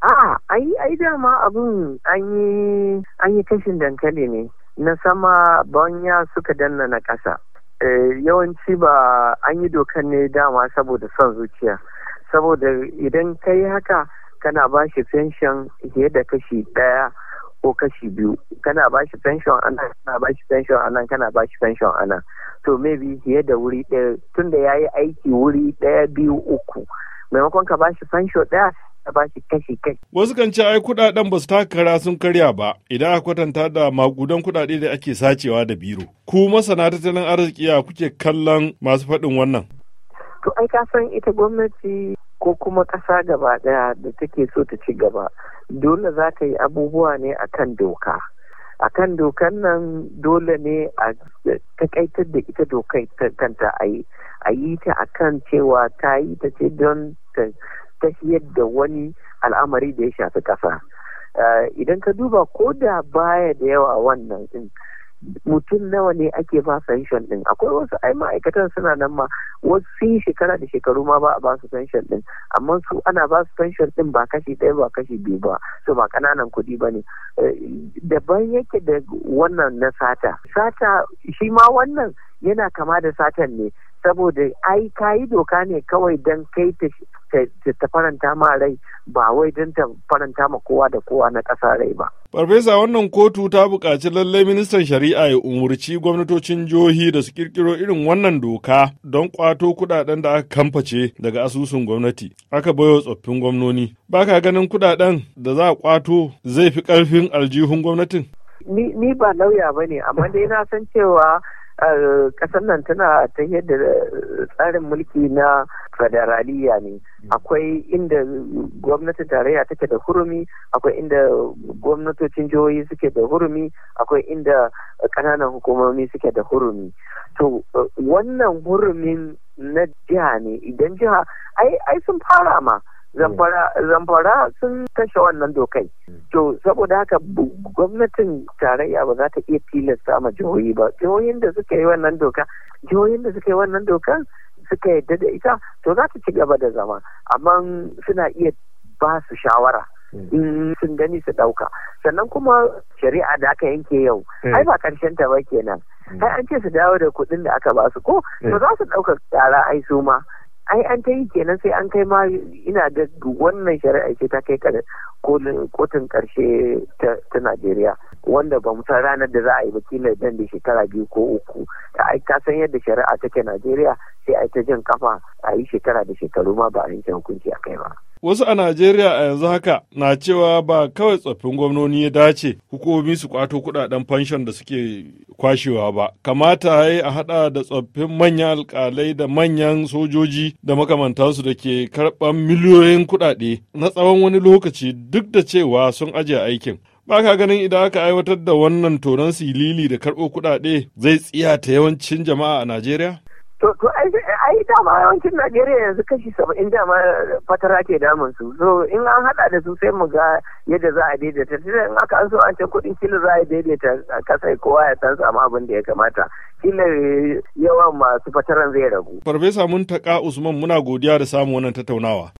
A'a, ai ai dama abun an yi kashin dankali ne na sama banya suka danna na ƙasa. Eh, yawanci ba an yi dokan ne dama saboda son zuciya saboda idan ka yi haka kana ba shi fenshon fiye da kashi ɗaya ko kashi biyu kana ba shi fenshon ana kana ba shi fenshon ana kana ba shi fenshon ana to maybe fiye da wuri ɗaya tunda ya yi aiki wuri ɗaya biyu uku maimakon ka ba shi fenshon ɗaya a shi kashi kai. Wasu kan ce ai kuɗaɗen ba su takara sun karya ba idan a kwatanta da magudan kuɗaɗe da ake sacewa da biro. Ku masana tattalin arziki ya kuke kallon masu faɗin wannan? To ai ka san ita gwamnati ko kuma ƙasa gaba ɗaya da take so ta ci gaba dole za ta yi abubuwa ne akan doka. akan dokan nan dole ne a takaitar da ita dokai kanta a yi ta akan cewa ta yi ta ce don tafiyar da wani al'amari da ya shafi ƙasa eh, idan ka duba ko da baya da yawa wannan din mutum nawa ne ake ba sanshon din akwai wasu ai ma'aikatan suna nan ma wasu sun shekara da shekaru ma ba a ba su sanshon din amma su ana ba su sanshon din ba kashi ɗaya ba kashi biyu ba su ba ƙananan kuɗi ba ne eh, daban yake da wannan na sata sata shi ma wannan yana kama da satan ne saboda ai ka doka ne kawai don kai ta faranta ma rai ba wai don ta faranta ma kowa da kowa na ƙasa rai ba. Farfesa wannan kotu ta buƙaci lallai ministan shari'a ya umurci gwamnatocin jihohi da su kirkiro irin wannan doka don kwato kudaden da aka kamface daga asusun gwamnati aka baiwa tsoffin gwamnoni. Ba ka ganin kudaden da za a ƙwato zai fi ƙarfin aljihun gwamnatin? Ni ba lauya ba ne, amma dai na san cewa kasar nan tana ta yadda tsarin mulki na federaliya ne akwai inda gwamnatin tarayya take da hurumi akwai inda gwamnatocin jihohi suke da hurumi akwai inda ƙananan hukumomi suke da hurumi to wannan hurumin na jiha ne idan jiha ai sun fara ma zamfara sun kashe wannan dokai to saboda haka gwamnatin tarayya ba za ta iya tilasta ma jihohi ba jihohin da suka yi wannan doka jihohin da suka yi wannan doka suka yadda da ita to za ta ci gaba da zama amma suna iya ba su shawara in sun gani su ɗauka sannan kuma shari'a da aka yanke yau hmm. ai ba karshen ta ba kenan hmm. ai an ce su dawo da kuɗin da aka ba su ko to hmm. za su ɗauka tsara ai su ma ai an ta yi kenan sai an kai ma ina da wannan shari'a ce ta kai kotun karshe ta najeriya wanda ba mu san ranar da za a yi ba kila dan da shekara biyu ko uku ai ka san yadda shari'a take najeriya sai ai ta jin kafa a yi shekara da shekaru ma ba a yanke hukunci a kai ba Wasu a Najeriya a yanzu haka na cewa ba kawai tsoffin gwamnoni ya dace hukumomi su kwato kudaden fanshon da suke kwashewa ba. Kamata ya a hada da tsoffin manyan alkalai da manyan sojoji da makamantansu da ke karɓar miliyoyin kudade na tsawon wani lokaci duk da cewa sun ajiye aikin. ba ka ganin idan aka aiwatar da wannan tonon silili da karɓo kuɗaɗe zai tsiya ta yawancin jama'a a Najeriya? to to ai dama yawancin Najeriya yanzu kashi saba'in dama fatara ke damun su so in an hada da su sai mu ga yadda za a daidaita sai in aka an so an can kudin kilo za a daidaita kasai kowa ya san samu abin da ya kamata kila yawan masu fataran zai ragu. Farfesa mun taƙa Usman muna godiya da samun wannan tattaunawa.